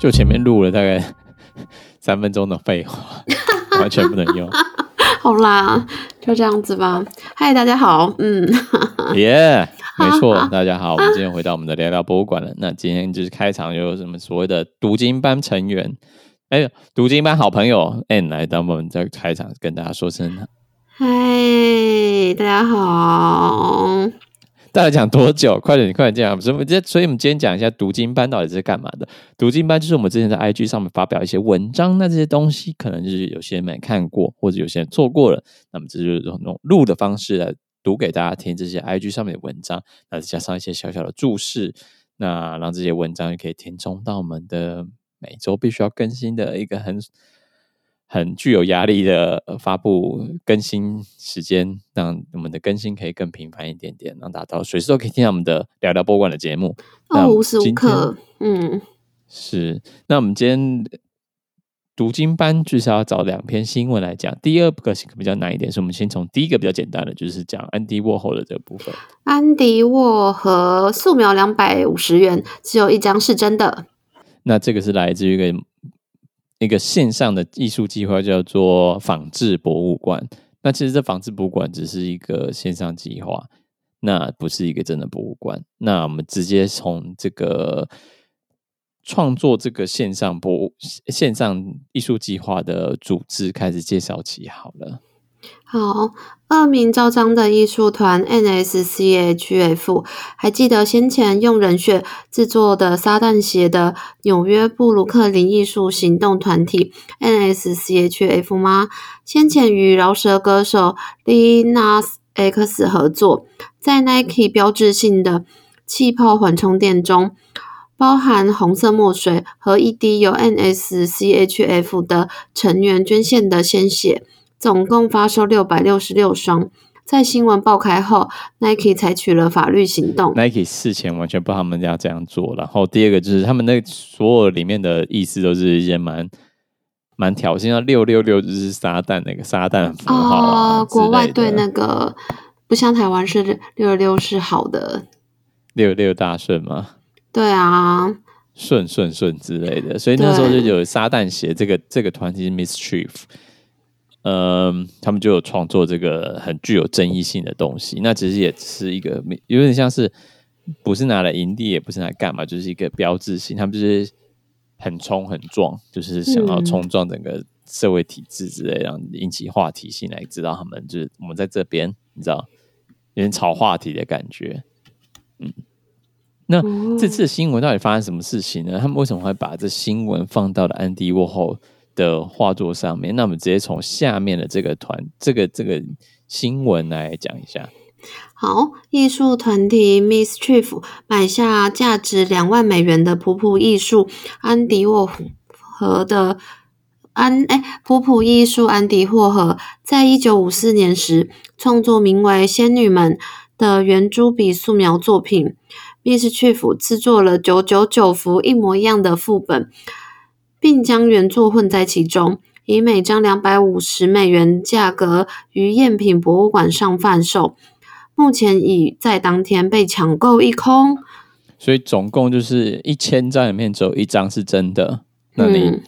就前面錄了大概三分鐘的廢話，完全不能用。 好啦，就這樣子吧。嗨，大家好。嗯，耶 ，yeah, 沒錯，大家好。啊、我們今天回到我們的聊聊博物館了。啊、那今天就是開場有什麼所謂的讀經班成員，哎、欸，讀經班好朋友，哎、欸，來到我們在開場跟大家說聲嗨，Hi, 大家好。大概講多久？快點，快點講！這樣。所以我們今天講一下讀經班到底是幹嘛的？讀經班就是我們之前在 I G 上面發表一些文章，那這些東西可能就是有些人沒看過，或者有些人做過了。那麼這就是用錄的方式來讀給大家聽這些 I G 上面的文章，那再加上一些小小的注釋，那讓這些文章也可以填充到我們的每周必須要更新的一個很。很具有壓力的發布更新時間，讓我們的更新可以更頻繁一點點，讓大家隨時都可以聽到我們的聊聊博物館的節目。五十五那無時無刻，嗯，是。那我們今天讀經班至少要找兩篇新聞來講。第二個比較難一點，是我們先從第一個比較簡單的，就是講安迪沃荷的這個部分。安迪沃荷素描兩百五十元，只有一張是真的。那這個是來自於一個。那個線上的藝術計劃叫做仿製博物館。那其實這仿製博物館只是一個線上計劃，那不是一個真的博物館。那我們直接從這個創作這個線上博物線上藝術計劃的組織開始介紹起好了。好，惡名昭彰的藝術團 M S C H F，還記得先前用人血製作的撒旦鞋的紐約布魯克林藝術行動團體 M S C H F 嗎？先前與饒舌歌手 Lil Nas X 合作，在 Nike 標誌性的氣泡緩衝墊中，包含紅色墨水和一滴由 M S C H F 的成員捐獻的鮮血。總共發售六百六十六雙，在新聞爆開後，Nike 採取了法律行動。嗯、Nike 事前完全不知道他們要這樣做。然後第二個就是他們那所有裡面的意思都是一些蠻蠻挑釁的，六六六就是撒旦那個撒旦符號、啊。哦，國外對那個不像台灣是六六六是好的，六六大順嗎？對啊，順順順之類的。所以那時候就有撒旦鞋這個對這個團體 MSCHF。嗯，他們就有創作這個很具有爭議性的東西，那其實也是一個有點像是不是拿來盈利，也不是拿來幹嘛，就是一個標誌性，他們就是很衝很撞，就是想要衝撞整個社會體制之類，然後引起話題性來知道他們就是我們在這邊，你知道有點炒話題的感覺。嗯，那嗯這次的新聞到底發生什麼事情呢？他們為什麼會把這新聞放到了安迪沃荷的畫作上面，那我們直接從下面的這個團、這個這個新聞來講一下。好，藝術團體 MSCHF 買下價值兩萬美元的普普藝術安迪沃荷，和的安哎、欸，普普藝術安迪沃荷，和在一九五四年時創作名為《仙女們》的圓珠筆素描作品 MSCHF 製作了九九九幅一模一樣的副本。並將原作混在其中，以每張兩百五十美元價格於贗品博物館上販售，目前已在當天被搶購一空。所以總共就是一千張裡面只有一張是真的。那你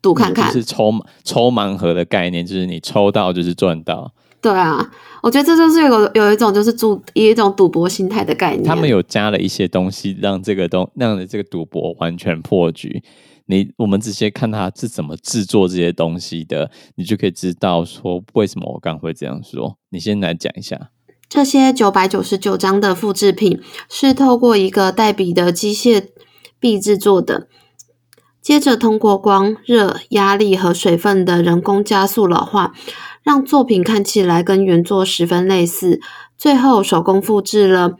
賭、嗯、看看，是抽抽盲盒的概念，就是你抽到就是賺到。對啊，我覺得這就是有有一種就是賭一種賭博心態的概念。他們有加了一些東西讓、這個，讓這個東讓這個賭博完全破局。你我們直接看他是怎麼制作這些東西的，你就可以知道說為什麼我剛會這樣說。你先來講一下，這些九百九十九張的複製品是透過一個代筆的機械臂製作的，接着通過光、熱、壓力和水分的人工加速老化，讓作品看起來跟原作十分類似。最後手工複製了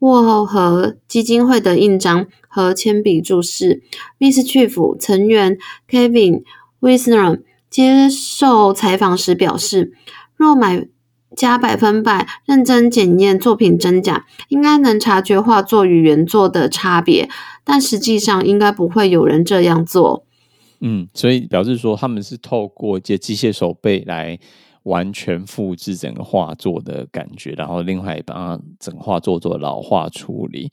沃荷和基金會的印章。和鉛筆注釋，MSCHF 成員 Kevin Wisner 接受採訪時表示，若買家百分百認真檢驗作品真假，應該能察覺畫作與原作的差別，但實際上應該不會有人這樣做。嗯，所以表示說他們是透過借機械手臂來完全複制整個畫作的感覺，然後另外一把它整畫作做老化處理。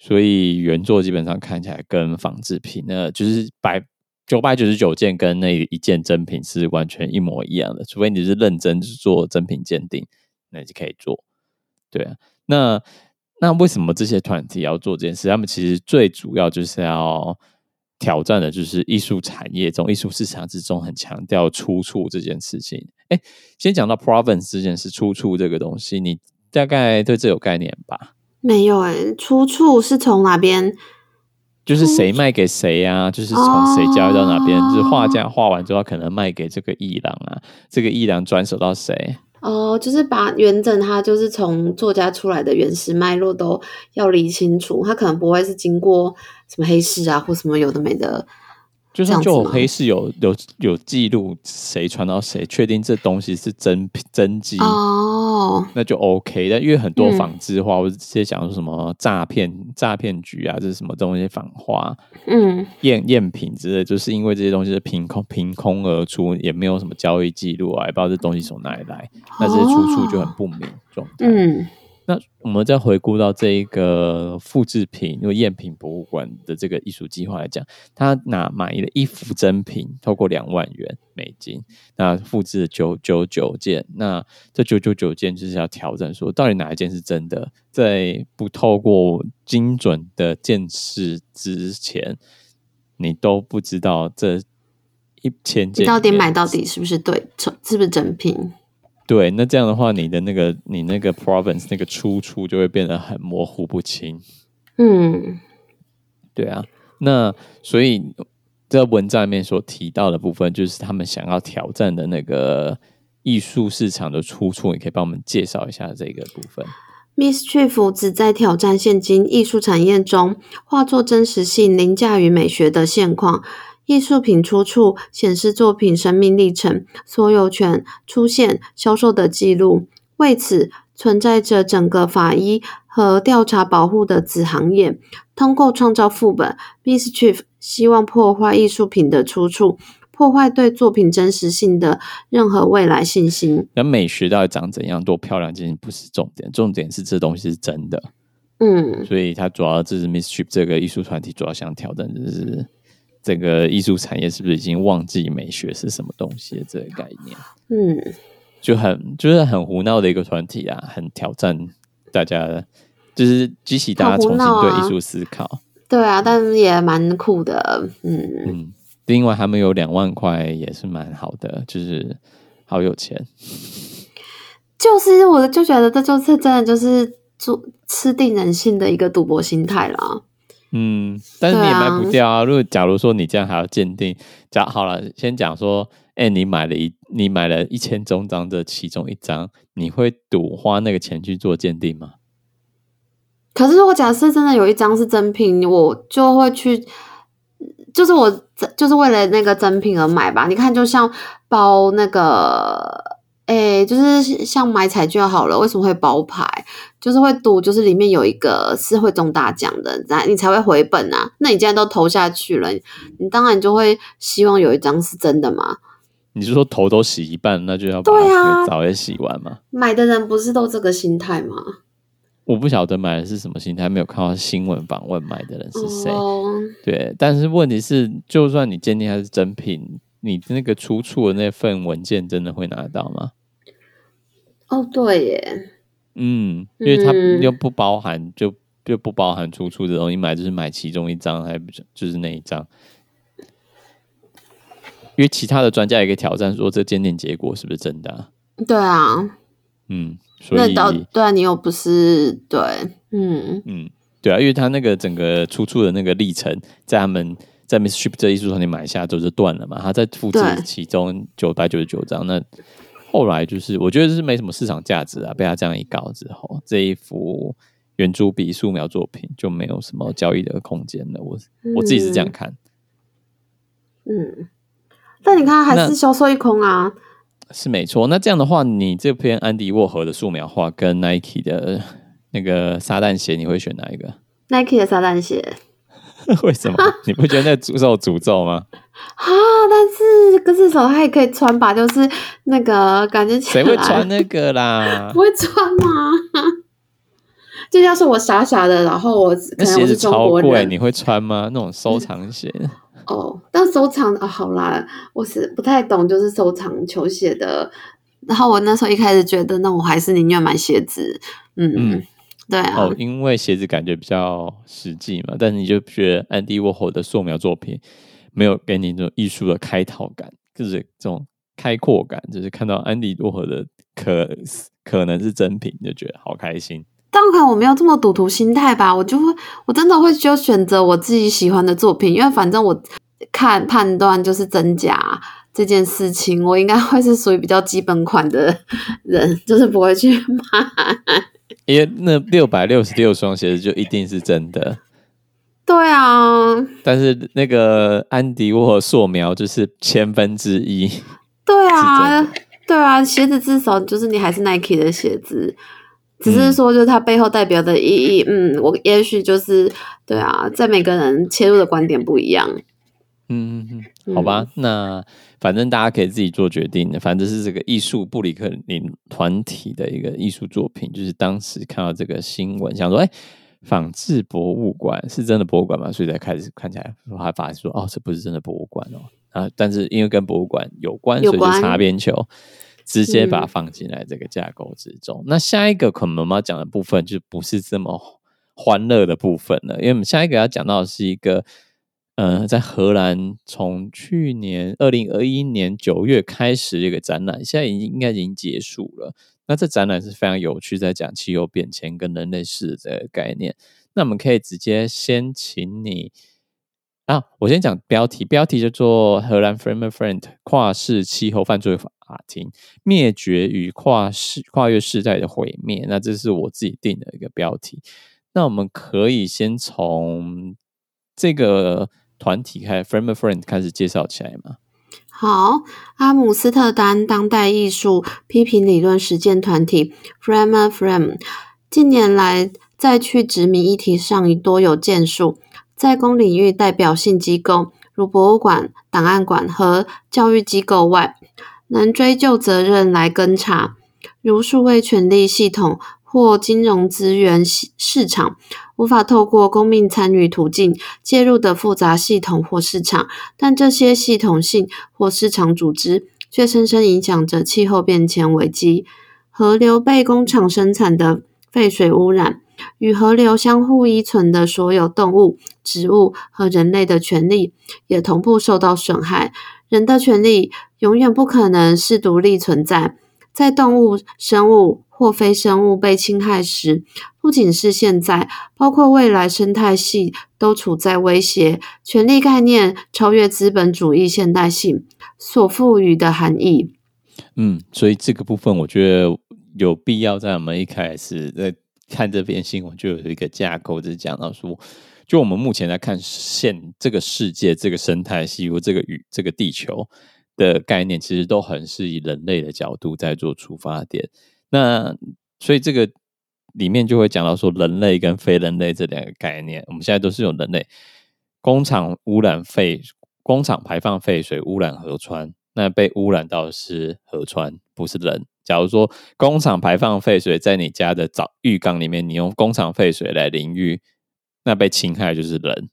所以原作基本上看起來跟仿制品，那就是百九百九十九件跟那一件真品是完全一模一樣的，除非你是認真做真品鑑定，那你就可以做。對啊，那那為什麼這些團體要做這件事？他們其實最主要就是要挑戰的，就是藝術產業中，藝術市場之中很強調出處這件事情。誒，先講到 provenance 這件事，出處這個東西，你大概對這有概念吧？沒有哎、欸，出處是從哪邊？就是誰賣給誰呀、啊？嗯、就是從誰交易到哪邊？哦、就是畫家畫完之後，可能賣給這個藝廊啊，這個藝廊轉手到誰？哦，就是把元稹他就是從作家出來的原始脈絡都要理清楚，他可能不會是經過什麼黑市啊，或什麼有的沒的。就算就黑市有有，有有有記錄誰傳到誰，確定這東西是真真跡那就 OK，但因為很多仿製畫，嗯、我直接想說什麼詐騙、詐騙局啊，這是什麼東西仿畫，嗯，贗贗品之類，就是因為這些東西是憑空憑空而出，也沒有什麼交易記錄啊，也不知道這東西從哪裡來，那這些出處就很不明狀態。哦嗯那我們再回顧到這一個複製品用贗、就是贗品博物館的這個藝術計劃來講，他拿買了一幅真品，透過兩萬元美金，那複製九九九件。那這九九九件就是要挑戰說，到底哪一件是真的？在不透過精準的鑑識之前，你都不知道這一千件是到底買到底是不是對錯，是不是真品？嗯對，那這樣的話，你的那個你那個 provenance 那個出處就會變得很模糊不清。嗯，對啊，那所以這文章裡面所提到的部分，就是他們想要挑戰的那個藝術市場的出處，你可以幫我們介紹一下這個部分。MSCHF 旨在挑戰現今藝術產業中，畫作真實性凌駕於美學的現況。藝術品出處顯示作品生命歷程、所有權、出現、銷售的記錄。為此，存在着整個法醫和調查保護的子行業。通過創造副本，Mischief 希望破壞藝術品的出處，破壞對作品真實性的任何未來信心。那美學到底長怎樣多漂亮，這些不是重點，重點是這東西是真的。嗯，所以它主要就是 Mischief 這個藝術團體主要想挑戰的、就是。整個藝術產業是不是已經忘記美學是什麼東西的這個概念？嗯，就很就是很胡鬧的一個團體啊，很挑戰大家，就是激起大家重新對藝術思考。啊對啊，但是也蠻酷的，嗯嗯。另外，他們有兩萬塊也是蠻好的，就是好有錢。就是我就覺得這就是真的就是做吃定人性的一個賭博心態啦。嗯，但是你也賣不掉啊。啊如果假如說你這樣還要鑑定，假好了，先講說，哎、欸，你買了一，你買了一千張的其中一張，你會賭花那個錢去做鑑定嗎？可是如果假設真的有一張是真品，我就會去，就是我就是為了那個真品而買吧。你看，就像包那個。哎、欸，就是像買彩券好了，為什麼會包牌？就是會賭，就是裡面有一個是會中大獎的，你才會回本啊。那你既然都投下去了，你當然就會希望有一張是真的嘛。你是說頭都洗一半，那就要把尾早也洗完嘛、啊？買的人不是都這個心態嗎？我不曉得買的是什麼心態，沒有看到新聞訪問買的人是誰。哦、對，但是問題是，就算你鑑定它是真品，你那個出處的那份文件真的會拿得到嗎？哦，對耶，嗯，因為它又不包含就，就、嗯、就不包含出處的東西買，買就是買其中一張，還不就是那一張。因為其他的專家也可以挑戰說，這鑑定結果是不是真的、啊？對啊，嗯，所以到對啊，你又不是對，嗯嗯，對啊，因為他那個整個出處的那個歷程，在他們在 MSCHF 這藝術館你買下就是斷了嘛，他在複製其中九百九十九張，對那。後來就是，我覺得是沒什麼市場價值啊。被他這樣一搞之後，這一幅圓珠筆素描作品就沒有什麼交易的空間了。我、嗯、我自己是這樣看。嗯，但你看還是銷售一空啊。是沒錯。那這樣的話，你這篇安迪沃荷的素描畫跟 Nike 的那個撒旦鞋，你會選哪一個？Nike 的撒旦鞋。 為什麼？你不覺得那詛咒詛咒嗎？ 啊！但是格子手還也可以穿吧，就是那個感覺。誰會穿那個啦？ 不會穿嗎、啊？這要是我傻傻的，然後我可能那鞋子超貴，你會穿嗎？那種收藏鞋？嗯、哦，但收藏啊，好啦，我是不太懂，就是收藏球鞋的。然後我那時候一開始覺得，那我還是寧願買鞋子。嗯嗯。對、啊、哦，因為鞋子感覺比較實際嘛，但是你就覺得安迪沃荷的素描作品沒有給你那種藝術的開拓感，就是這種開闊感，就是看到安迪沃荷的可可能是真品，就覺得好開心。但我看我沒有這麼賭徒心態吧，我就會我真的會需要選擇我自己喜歡的作品，因為反正我看判斷就是真假這件事情，我應該會是屬於比較基本款的人，就是不會去買。因為那六百六十六雙鞋子就一定是真的，對啊。但是那個安迪沃荷素描就是千分之一，對啊， 的對啊。鞋子至少就是你還是 Nike 的鞋子，只是說就是它背後代表的意義。嗯，嗯，我也許就是對啊，在每個人切入的觀點不一樣。嗯，好吧，嗯、那。反正大家可以自己做決定的。反正是這個藝術布魯克林團體的一個藝術作品，就是當時看到這個新聞，想說，哎、欸，仿製博物館是真的博物館嗎？所以才開始看起來，我還發現說，哦，這不是真的博物館哦。啊，但是因為跟博物館有關，所以就擦邊球，關直接把它放進來這個架構之中。嗯、那下一個可能我們要講的部分就不是這麼歡樂的部分了，因為我們下一個要講到的是一個。嗯、呃，在荷蘭，從去年二零二一年九月開始這個展覽，現在已經應該已經結束了。那這展覽是非常有趣，在講氣候變遷跟人類世的概念。那我們可以直接先請你啊，我先講標題，標題就做荷蘭 Framer Framed 跨世氣候犯罪法庭，滅絕與跨世跨越世代的毀滅。那這是我自己定的一個標題。那我們可以先從這個。團體開 Framer Framed 開始介紹起來嘛？好，阿姆斯特丹當代藝術批評理論實踐團體 Framer Framed 近年來在去殖民議題上已多有建樹，在公領域代表性機構，如博物館、檔案館和教育機構外，能追究責任來跟查，如數位權利系統或金融資源市場。無法透過公民參與途徑介入的複雜系統或市場，但這些系統性或市場組織卻深深影響着氣候變遷危機。河流被工廠生產的廢水污染，與河流相互依存的所有動物、植物和人類的權利也同步受到損害。人的權利永遠不可能是獨立存在，在動物、生物或非生物被侵害時。不僅是現在，包括未來，生態系都處在威脅。權力概念超越資本主義現代性所賦予的含義。嗯，所以這個部分我覺得有必要在我們一開始在看這篇新聞就有一個架構，就是講到說，就我們目前來看現這個世界這個生態系，如這個宇這個地球的概念，其實都很是以人類的角度在做出發點。那所以這個。裡面就會講到說，人類跟非人類這兩個概念，我們現在都是用人類。工廠污染廢工廠排放廢水污染河川，那被污染到是河川，不是人。假如說工廠排放廢水在你家的澡浴缸裡面，你用工廠廢水來淋浴，那被侵害的就是人。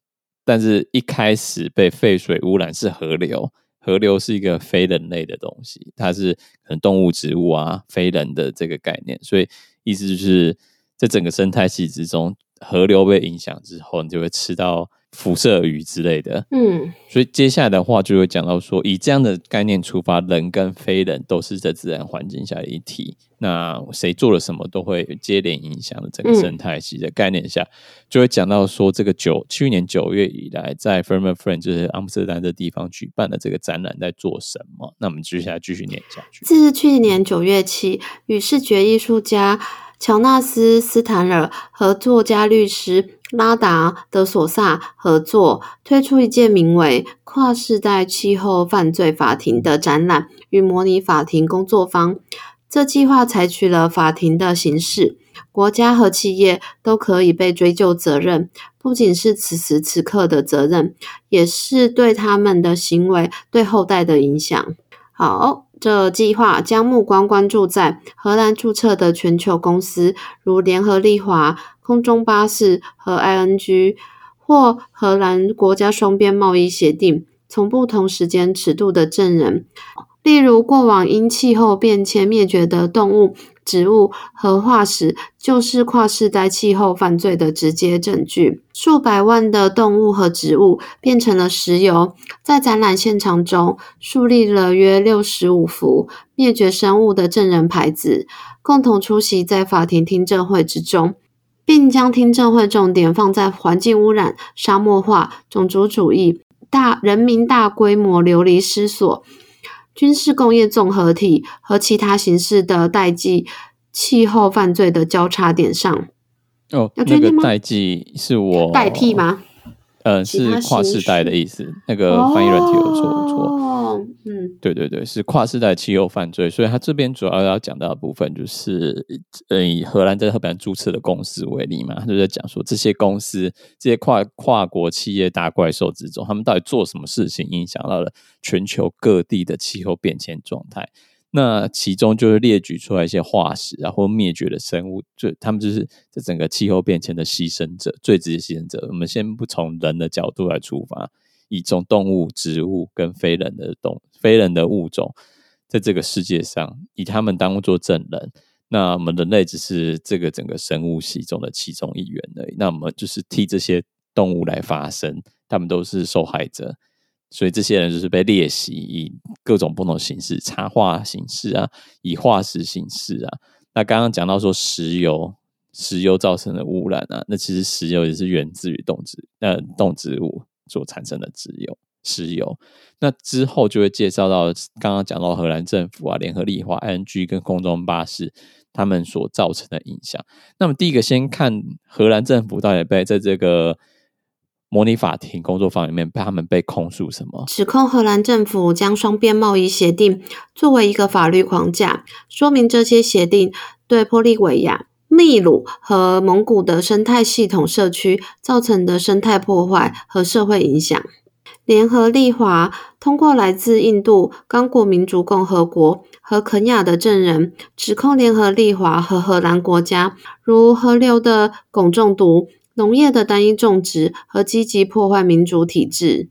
但是，一開始被廢水污染是河流。河流是一個非人類的東西，它是可能動物、植物啊，非人的這個概念，所以意思就是在整個生態系之中，河流被影響之後，你就會吃到。輻射魚之類的，嗯，所以接下來的話就會講到說，以這樣的概念出發，人跟非人都是在自然環境下一體，那誰做了什麼都會接連影響的整個生態系的概念下，嗯、就會講到說，這個九去年九月以來，在 Framer Framed 就是阿姆斯特丹這地方舉辦的這個展覽在做什麼？那我們接下來繼續念下去。自去年九月起，與視覺藝術家喬納斯·斯坦爾和作家律師。拉達·德索薩合作推出一件名為“跨世代氣候犯罪法庭”的展覽與模擬法庭工作坊。這計劃採取了法庭的形式，國家和企業都可以被追究責任，不僅是此時此刻的責任，也是對他們的行為對後代的影響。好。這計劃將目光關注在荷蘭註冊的全球公司，如聯合利華、空中巴士和 ING，或荷蘭國家雙邊貿易協定，從不同時間尺度的證人，例如過往因氣候變遷滅絕的動物。植物和化石就是跨世代氣候犯罪的直接證據。數百萬的動物和植物變成了石油，在展覽現場中樹立了約六十五幅滅絕生物的證人牌子，共同出席在法庭聽證會之中，並將聽證會重點放在環境污染、沙漠化、種族主義、大人民大規模流離失所，軍事工業綜合體和其他形式的代際氣候犯罪的交叉點上。哦，要嗎哦，那個代際是我代替嗎？嗯，是跨世代的意思。那個翻譯軟體有錯，有錯，哦。不錯嗯，對對對，是跨世代氣候犯罪。所以他這邊主要要講到的部分，就是以荷蘭在荷蘭註冊的公司為例嘛，他就在講說這些公司，這些跨跨國企業大怪獸之中，他們到底做什麼事情，影響到了全球各地的氣候變遷狀態。那其中就是列舉出來一些化石啊，或滅絕的生物，就他們就是這整個氣候變遷的犧牲者，最直接犧牲者。我們先不從人的角度來出發，以種動物、植物跟非人的動、非人的物種，在這個世界上，以他們當做証人。那我們人類只是這個整個生物系中的其中一員而已。那我們就是替這些動物來發聲，他們都是受害者。所以這些人就是被列席。以各種不同形式，插畫形式啊，以化石形式啊。那剛剛講到說石油，石油造成的污染啊，那其實石油也是源自於動植，呃，動植物所產生的石油。石油那之後就會介紹到剛剛講到荷蘭政府啊，聯合利華 ING 跟空中巴士他們所造成的影響。那麼第一個先看荷蘭政府到底被在這個。模擬法庭工作坊裡面，他們被控訴什麼？指控荷蘭政府將雙邊貿易協定作為一個法律框架，說明這些協定對玻利維亞、秘魯和蒙古的生態系統社區造成的生態破壞和社會影響。聯合利華通過來自印度、剛果民主共和國和肯亞的證人，指控聯合利華和荷蘭國家如河流的汞中毒。農業的單一種植和積極破壞民主體制。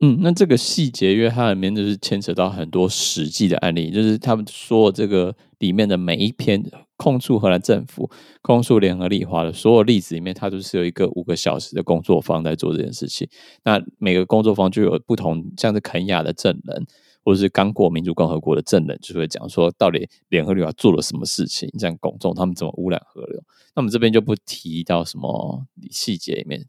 嗯，那這個細節，因為它裡面就是牽扯到很多實際的案例，就是他們說這個裡面的每一篇控訴荷蘭政府、控訴聯合利華的所有例子裡面，它都是有一個五個小時的工作坊在做這件事情。那每個工作坊就有不同，像是肯亞的證人。或者是剛果民主共和國的證人就會講說，到底聯合利華做了什麼事情？這樣公眾他們怎麼污染河流？那我們這邊就不提到什麼細節裡面，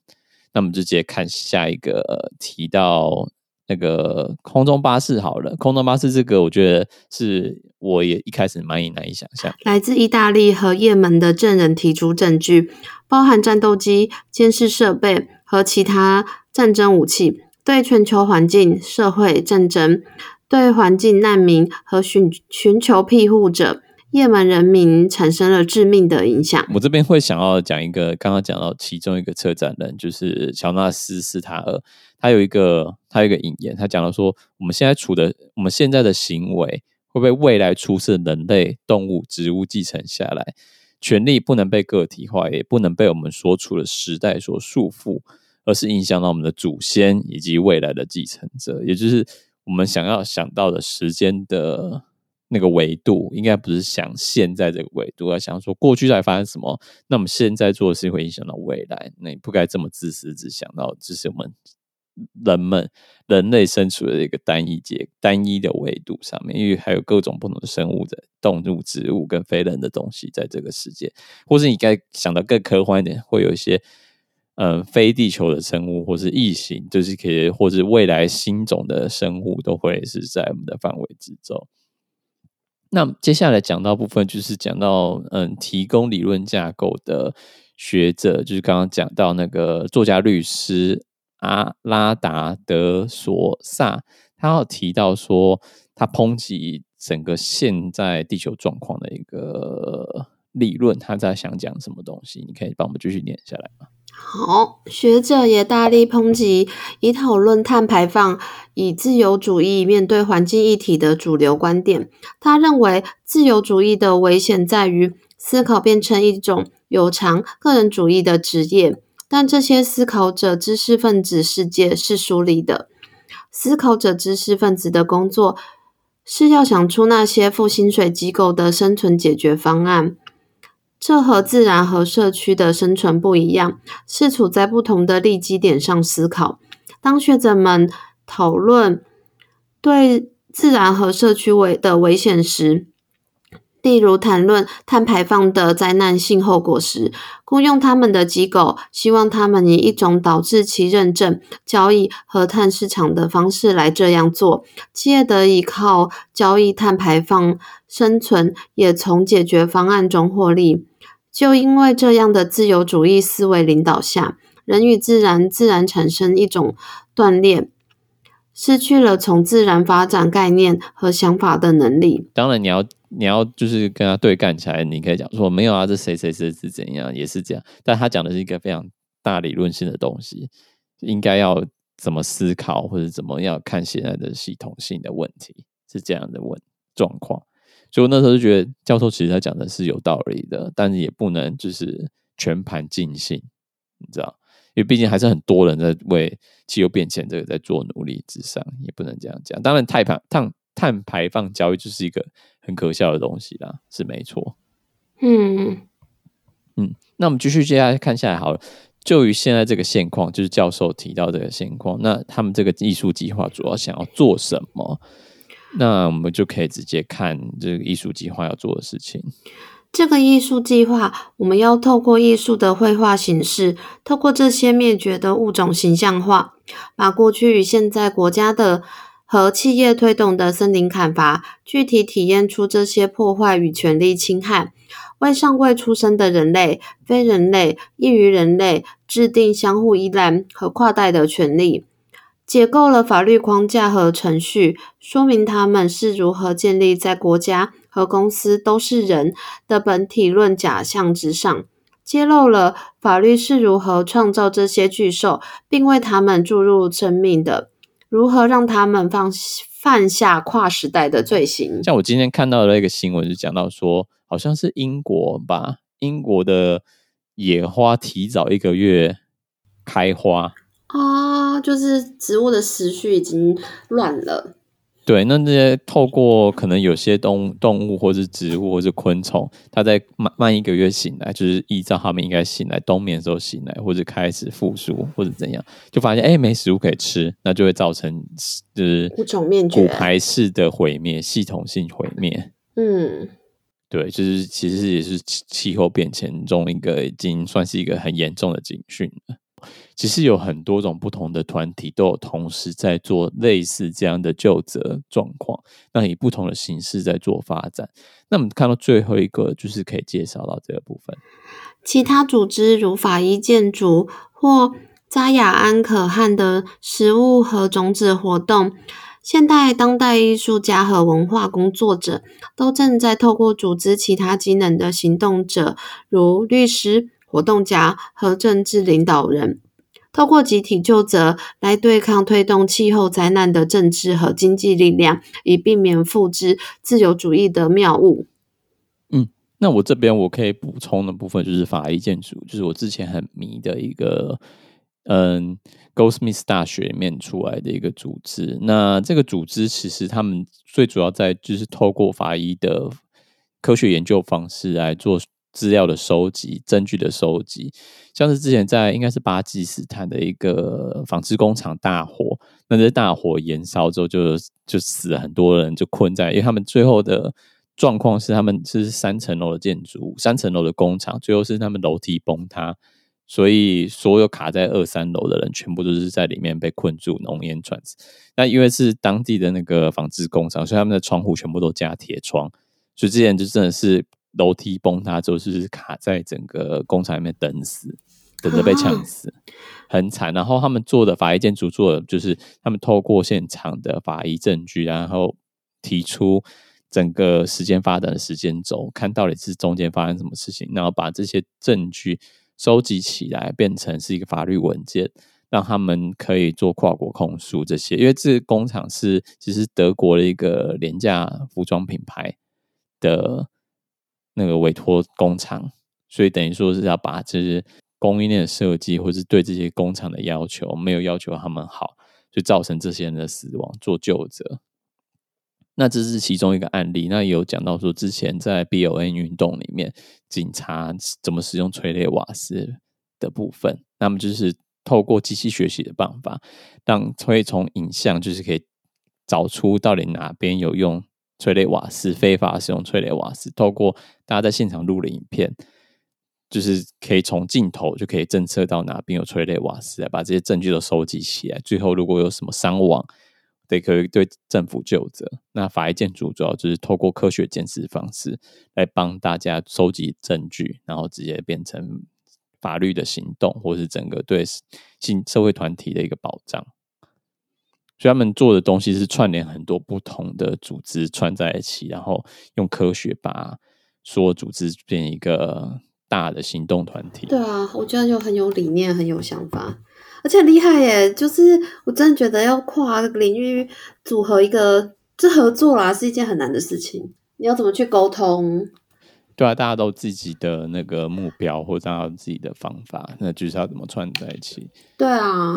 那我們就直接看下一個提到那個空中巴士好了。空中巴士這個，我覺得是我也一開始蠻以難以想象。來自意大利和也門的證人提出證據，包含戰鬥機、監視設備和其他戰爭武器，對全球環境、社會戰爭。對環境難民和尋尋求庇護者，葉門人民產生了致命的影響。我這邊會想要講一個，剛剛講到其中一個策展人，就是喬納斯·斯塔爾。他有一個，他有一個引言，他講到說，我們現在處的，我們現在的行為會被未來出生、人類、動物、植物繼承下來。權利不能被個體化，也不能被我們所處的時代所束縛，而是影響到我們的祖先以及未來的繼承者，也就是。我們想要想到的時間的那個維度，應該不是想現在這個維度，而想要說過去在發生什麼。那我們現在做的事情會影響到未來，那你不該這麼自私，只想到只是我們人們人類身處的一個單一節單一的維度上面，因為還有各種不同的生物的動物、植物跟非人的東西在這個世界，或是你該想得更科幻一點，會有一些。嗯，非地球的生物或是異形，就是可以，或是未來新種的生物，都會是在我們的範圍之中。那接下來講到部分，就是講到嗯，提供理論架構的學者，就是剛剛講到那個作家律師阿拉達德索薩，他有提到說，他抨擊整個現在地球狀況的一個。理論他在想講什麼東西？你可以幫我們繼續念下來嗎？好，學者也大力抨擊以討論碳排放，以自由主義面對環境議題的主流觀點。他認為，自由主義的危險在於思考變成一種有償個人主義的職業。但這些思考者、知識分子世界是疏離的。思考者、知識分子的工作是要想出那些付薪水機構的生存解決方案。這和自然和社區的生存不一樣，是處在不同的利基點上思考。當學者們討論對自然和社區的危險時，例如談論碳排放的災難性後果時，雇傭他們的機構希望他們以一種導致其認證交易和碳市場的方式來這樣做，企業得以靠交易碳排放生存，也從解決方案中獲利。就因為這樣的自由主義思維領導下，人與自然自然產生一種斷裂，失去了從自然發展概念和想法的能力。當然，你要你要就是跟他對幹起來，你可以講說沒有啊，這誰誰誰是怎樣，也是這樣。但他講的是一個非常大理論性的東西，應該要怎麼思考或者怎麼樣看現在的系統性的問題，是這樣的問狀況。所以我那時候就覺得教授其實他講的是有道理的，但是也不能就是全盤盡信。你知道？因為畢竟還是很多人在為氣候變遷這個在做努力之上，也不能這樣講。當然，碳排碳碳排放交易就是一個很可笑的東西啦，是沒錯。嗯嗯，那我們繼續接下來看下來，好了。就於現在這個現況，就是教授提到這個現況，那他們這個藝術計劃主要想要做什麼？那我們就可以直接看這個藝術計劃要做的事情。這個藝術計劃，我們要透過藝術的繪畫形式，透過這些滅絕的物種形象化，把過去與現在國家的和企業推動的森林砍伐，具體體驗出這些破壞與權力侵害，為尚未出生的人類、非人類、異於人類制定相互依賴和跨代的權利。解構了法律框架和程序，說明他們是如何建立在國家和公司都是人的本體論假象之上，揭露了法律是如何創造這些巨獸，並為他們注入生命的，如何讓他們放犯下跨時代的罪行。像我今天看到的一個新聞，就講到說，好像是英國吧，英國的野花提早一個月開花。啊，就是植物的時序已經亂了。對，那那些透過可能有些動物動物，或是植物，或是昆蟲，它在慢慢一個月醒來，就是依照它們應該醒來冬眠時候醒來，或者開始復甦，或者怎樣，就發現哎、欸，沒食物可以吃，那就會造成就是物種滅絕、骨牌式的毀滅、系統性毀滅。嗯，對，就是其實也是氣候變遷中一個已經算是一個很嚴重的警訊了。其實有很多種不同的團體都有同時在做類似這樣的究責狀況，那以不同的形式在做發展。那我們看到最後一個就是可以介紹到這個部分。其他組織如法醫建築或扎雅安可汗的食物和種子活動，現代當代藝術家和文化工作者都正在透過組織其他機能的行動者，如律師、活動家和政治領導人，透過集體咎責來對抗推動氣候災難的政治和經濟力量，以避免複製自由主義的謬誤。嗯,那我這邊我可以補充的部分就是法醫建築，就是我之前很迷的一個，嗯，Goldsmiths 大學裡面出來的一個組織。那這個組織其實他們最主要在就是透過法醫的科學研究方式來做。資料的收集，證據的收集，像是之前在應該是巴基斯坦的一個紡織工廠大火，那這大火延燒之後就，就就死了很多人，就困在，因為他們最後的狀況是他們是三層樓的建築，三層樓的工廠，最後是他們樓梯崩塌，所以所有卡在二三樓的人，全部都是在裡面被困住，濃煙轉。那因為是當地的那個紡織工廠，所以他們的窗戶全部都加鐵窗，所以之前就真的是。樓梯崩塌之後，就是卡在整個工廠裡面等死，等着被嗆死，很慘。 然後他們做的法醫建築做的就是他們透過現場的法醫證據，然後提出整個時間發展的時間軸，看到底是中間發生什麼事情，然後把這些證據收集起來，變成是一個法律文件，讓他們可以做跨國控訴這些。因為這工廠是其實德國的一個廉價服裝品牌的。那個委托工廠，所以等於說是要把這些供應鏈的設計，或是對這些工廠的要求，沒有要求他們好，就造成這些人的死亡做咎責。那這是其中一個案例。那也有講到說，之前在 BLM 運動裡面，警察怎麼使用催淚瓦斯的部分。那麼就是透過機器學習的辦法，讓可以從影像，就是可以找出到底哪邊有用。催淚瓦斯非法使用，催淚瓦斯透過大家在現場錄的影片，就是可以從鏡頭就可以偵測到哪邊有催淚瓦斯，來把這些證據都收集起來。最後如果有什麼傷亡，得可以對政府咎責。那法醫建築主，主要就是透過科學檢視方式來幫大家收集證據，然後直接變成法律的行動，或是整個對新社會團體的一個保障。所以他們做的東西是串聯很多不同的組織，串在一起，然後用科學把所有組織變一個大的行動團體。對啊，我覺得就很有理念，很有想法，而且很厲害耶！就是我真的覺得要跨領域組合一個這合作啦，是一件很難的事情。你要怎麼去溝通？對啊，大家都自己的那個目標或者自己的方法，那就是要怎麼串在一起？對啊。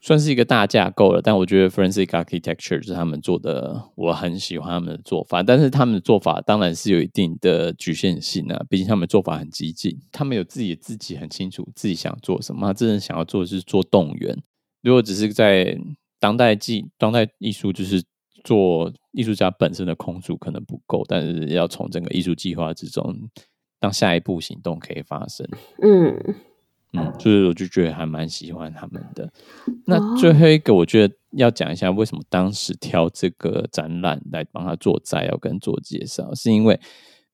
算是一個大架構了，但我覺得 Forensic Architecture 是他們做的，我很喜歡他們的做法。但是他們的做法當然是有一定的局限性啊，畢竟他們做法很激進，他們有自己自己很清楚自己想做什麼。他真正想要做的是做動員。如果只是在當代計當代藝術，就是做藝術家本身的控訴可能不夠，但是要從整個藝術計劃之中，讓下一步行動可以發生。嗯。嗯，就是我就覺得還蠻喜歡他們的。那最後一個，我覺得要講一下為什麼當時挑這個展覽來幫他做摘要跟做介紹，是因為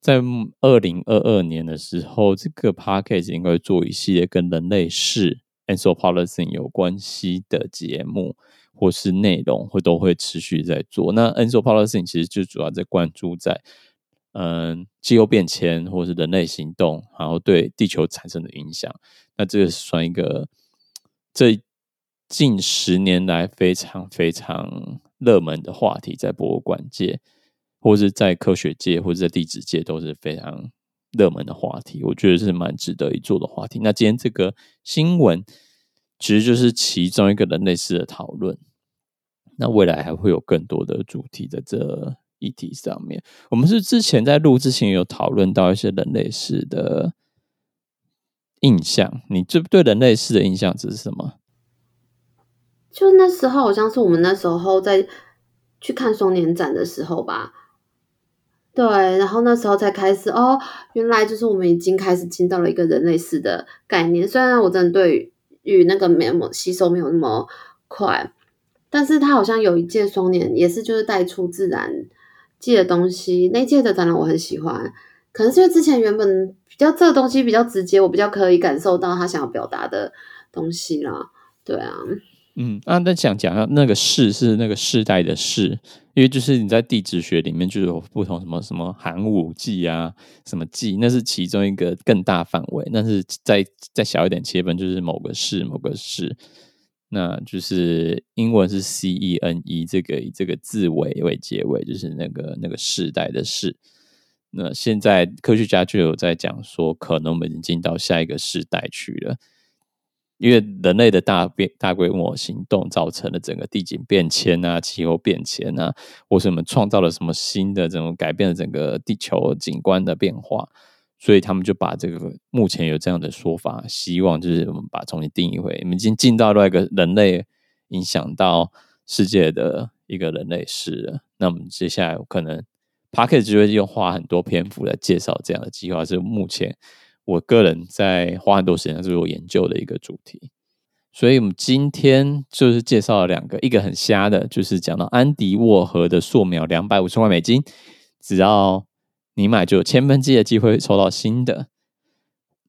在二零二二年的時候，這個 Podcast 應該做一系列跟人類世 Anthropocene 有關係的節目或是內容，會都會持續在做。那 Anthropocene 其實就主要在關注在。嗯，氣候、呃、變遷或是人類行動，然後對地球產生的影響，那這個算一個這近十年來非常非常熱門的話題，在博物館界，或是在科學界，或者在地質界都是非常熱門的話題。我覺得是蠻值得一做的話題。那今天這個新聞其實就是其中一個人類似的討論。那未來還會有更多的主題在這議題上面，我們是，是之前在錄之前有討論到一些人類世的印象。你這對人類世的印象只是什麼？就那時候好像是我們那時候在去看雙年展的時候吧。對，然後那時候才開始哦，原來就是我們已經開始進到了一個人類世的概念。雖然我真的對於那個面膜吸收沒有那麼快，但是他好像有一屆雙年也是就是帶出自然。借的東西，那記的當然我很喜歡，可能是因為之前原本比較這個東西比較直接，我比較可以感受到他想要表達的東西啦。對啊，嗯，啊，那想講到那個世是那個世代的世，因為就是你在地質學裡面就有不同什麼什麼寒武紀啊、什麼紀，那是其中一個更大範圍，那是再再小一點切分，就是某個世某個世。那就是英文是 C E N E 這個以這個字尾為結尾就是那個那個世代的世。那現在科學家就有在講說，可能我們已經進到下一個世代去了，因為人類的大變大規模行動，造成了整個地景變遷啊、氣候變遷啊，或是我們創造了什麼新的這種改變了整個地球景觀的變化。所以他們就把這個目前有這樣的說法，希望就是我們把重新定義回，我們已經進到了一個人類影響到世界的一個人類世了。那我們接下來可能 Podcast 就會用花很多篇幅來介紹這樣的計劃，是目前我個人在花很多時間，這是我研究的一個主題。所以我們今天就是介紹了兩個，一個很瞎的，就是講到安迪沃荷的素描，兩百五十萬美金，只要。你買就有千分之一的機會抽到新的，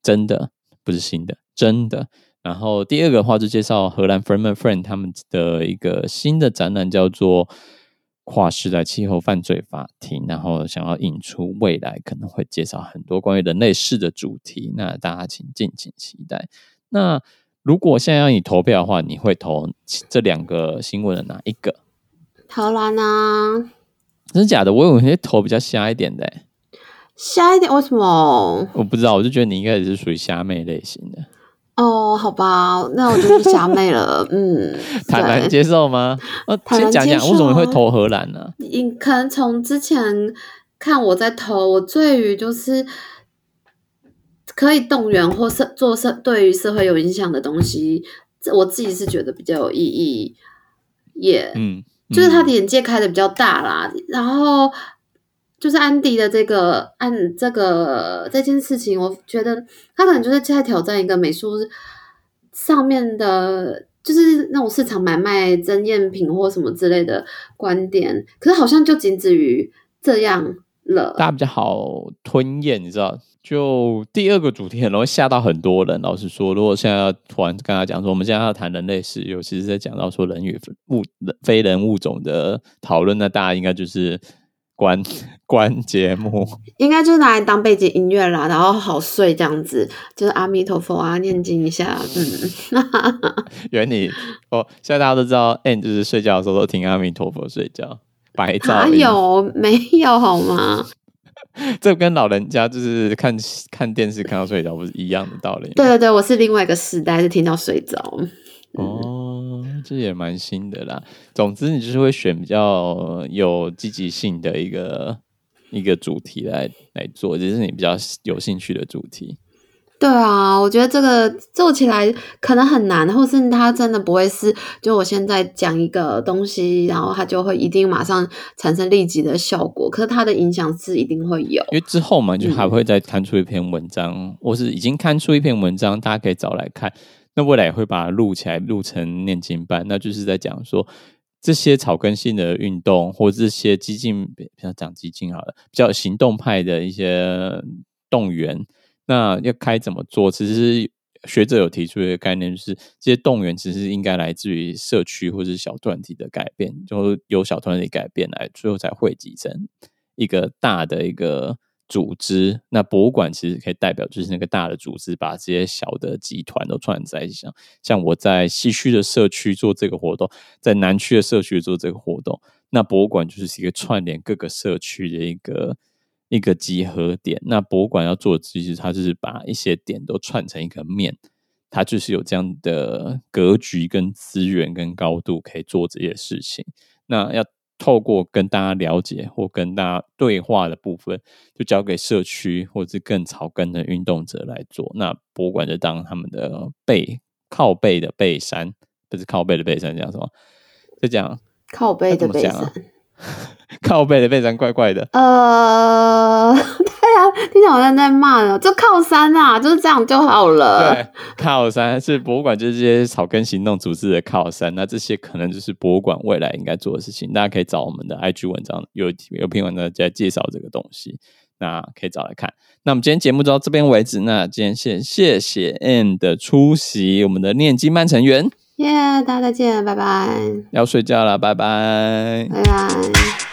真的不是新的，真的。然後第二個話就介紹荷蘭 Framer Framed 他們的一個新的展覽，叫做《跨世代氣候犯罪法庭》。然後想要引出未來可能會介紹很多關於人類世的主題，那大家請敬請期待。那如果現在要你投票的話，你會投這兩個新聞的哪一個？荷蘭啊？真的假的？我有些投比較瞎一點的、欸。瞎一點？為什麼？我不知道，我就覺得你應該也是屬於瞎妹類型的哦。好吧，那我就是瞎妹了。 嗯，坦然接受嗎？我、哦、先講講為什麼會投荷蘭呢、啊？你可能從之前看我在投，我對於就是可以動員或是做社對於社會有影響的東西，我自己是覺得比較有意義。也、yeah. 嗯，就是他的眼界開的比較大啦。嗯、然後。就是安迪的這個案，按這個這件事情，我覺得他可能就是在挑戰一個美術上面的，就是那種市場買賣真贗品或什麼之類的觀點。可是好像就僅止於這樣了。大家比較好吞嚥，你知道？就第二個主題很容易嚇到很多人。老實說，如果現在突然跟他講說，我們現在要談人類世，尤其是在講到說人與物、非人物種的討論，那大家應該就是。關關節目，應該就是拿來當背景音樂啦，然後好睡這樣子，就是阿彌陀佛啊，念經一下，嗯， 原理哦，現在大家都知道，哎、欸，你就是睡覺的時候都聽阿彌陀佛睡覺，白噪音，有沒有？好嗎？ 這跟老人家就是看看電視看到睡着不是一樣的道理？ 對對對，我是另外一個時代，是聽到睡着、嗯、哦。這也蠻新的啦。總之，你就是會選比較有積極性的一個一個主題來來做，這是你比較有興趣的主題。對啊，我覺得這個做起來可能很難，或是它真的不會是就我現在講一個東西，然後它就會一定馬上產生立即的效果。可是它的影響是一定會有，因為之後嘛，就還會再刊出一篇文章，或、嗯、是已經刊出一篇文章，大家可以找來看。那未來也會把它錄起來，錄成念經班，那就是在講說這些草根性的運動，或這些激進，比較講激進好了，比較行動派的一些動員，那要開怎麼做？其實學者有提出一個概念，就是這些動員其實應該來自於社區或是小團體的改變，就由小團體改變來，最後才匯集成一個大的一個。組織，那博物館其實可以代表，就是那個大的組織，把這些小的集團都串在一起。像像我在西區的社區做這個活動，在南區的社區做這個活動，那博物館就是一個串聯各個社區的一個一個集合點。那博物館要做的，其實它就是把一些點都串成一個面，它就是有這樣的格局、跟資源、跟高度，可以做這些事情。那要。透過跟大家了解，或跟大家對話的部分，就交給社區或者是更草根的運動者來做。那博物館就當他們的背靠背的背山，不是靠背的背山，這樣說就這樣靠背的背山。啊靠背的背山怪怪的，呃，對呀、啊，聽起來好像在罵了，就靠山啦、啊，就是這樣就好了。對，靠山是博物館，就是這些草根行動組織的靠山，那這些可能就是博物館未來應該做的事情。大家可以找我們的 IG 文章，有有篇文章在介紹這個東西，那可以找來看。那我們今天節目就到這邊為止，那今天先謝謝 N 的出席，我們的念經班成員。耶，yeah, 大家再見，拜拜，嗯，要睡覺了，拜拜，拜拜。嗯